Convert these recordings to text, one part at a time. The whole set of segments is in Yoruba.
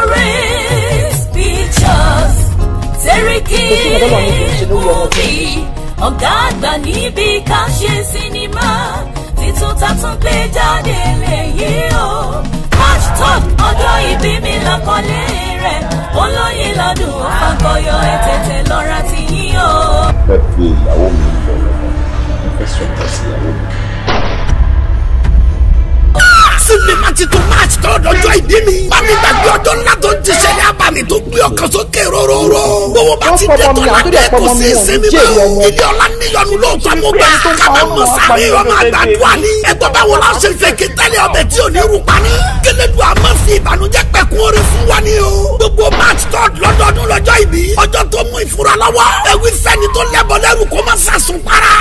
memories, pictures, Seriki movie, ọ̀gá àgbà níbi ká ṣe sinimá, títún ta tún gbé jáde lèyí o. Hashtag ọjọ́ ìbí mi lọ́kọ́lé rẹ̀, olóyè lọ́dún àkọyọ ẹ̀tẹ̀tẹ̀ lọ́ra ti yín o. Bẹ́ẹ̀ fi ìyàwó mi lọ lọ́wọ́, mo fẹ́ sọ̀tọ̀ sí ìyàwó mi sinimá ti tó máa ti tọ́ lọ́jọ́ ìbí mi ọjọ́ ńlá tó ń tiṣẹ́ ní abàmì tó gbé ọkàn sókè róróró. gbogbo bá ti dé tó ládé kò sí ìsinmi mọ́. ilé ọlá níyọnu lóòótọ́ mo gbà. kábà mọ sáré ọmọ àgbàdua ni. ẹgbẹ́ báwo la ṣe fẹ́ kí tẹ́lẹ̀ ọbẹ̀ tí ò ní rú pa ní. kílódé wa mọ̀ sí ìbànújẹ́ pẹ̀kun orí fún wa ni o. gbogbo march third lọ́dọọdún lọ́jọ́ ìbí. ọjọ́ tó mú ìfura lọ́wọ́. ewì sẹ́ni tó lẹ́bọ̀ lẹ́rù kó má sàsùn para.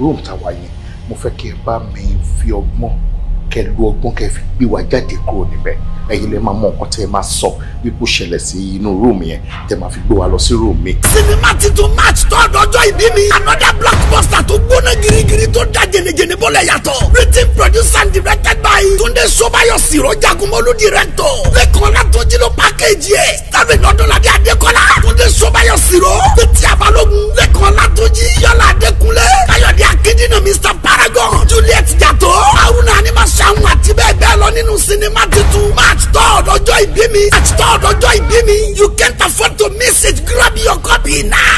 rome tàwa yẹn mo fẹ́ kí ẹ bá mi fi ọgbọ́n kẹ́ lu ọgbọ́n kẹ́ fi gbé wa jáde kúrò níbẹ̀ ẹ̀yin lè máa mọ nǹkan tẹ́ ẹ máa sọ wípé ó ṣẹlẹ̀ sí inú rúùmù yẹn tẹ́ máa fi gbé wa lọ sí rúùmù mi. sinimá titun march third ọjọ́ ìbí mi another blockbuster tó gbóná girigiri tó dá jẹnejẹne bọ́lẹ̀ yàtọ̀ written produced and directed by Túndé Ṣóbáyọ̀ Siro Jagunmọ́lú director lẹ́kọ̀ọ́ látọ́jú ló package yẹ starring Ọdúnládé Adékọ́lá ọjọ́ ìbí mi. It's all ọjọ́ ìbí mi. You can't afford to miss it. Grab your copy now.